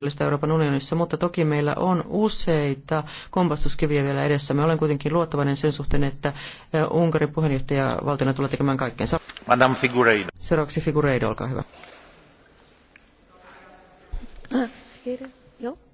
mahdollista Euroopan unionissa, mutta toki meillä on useita kompastuskiviä vielä edessä. Me olen kuitenkin luottavainen sen suhteen, että Unkarin puheenjohtaja valtiona tulee tekemään kaikkensa. Madame Figureido. Seuraavaksi Figureido, olkaa hyvä. Figureido. Joo.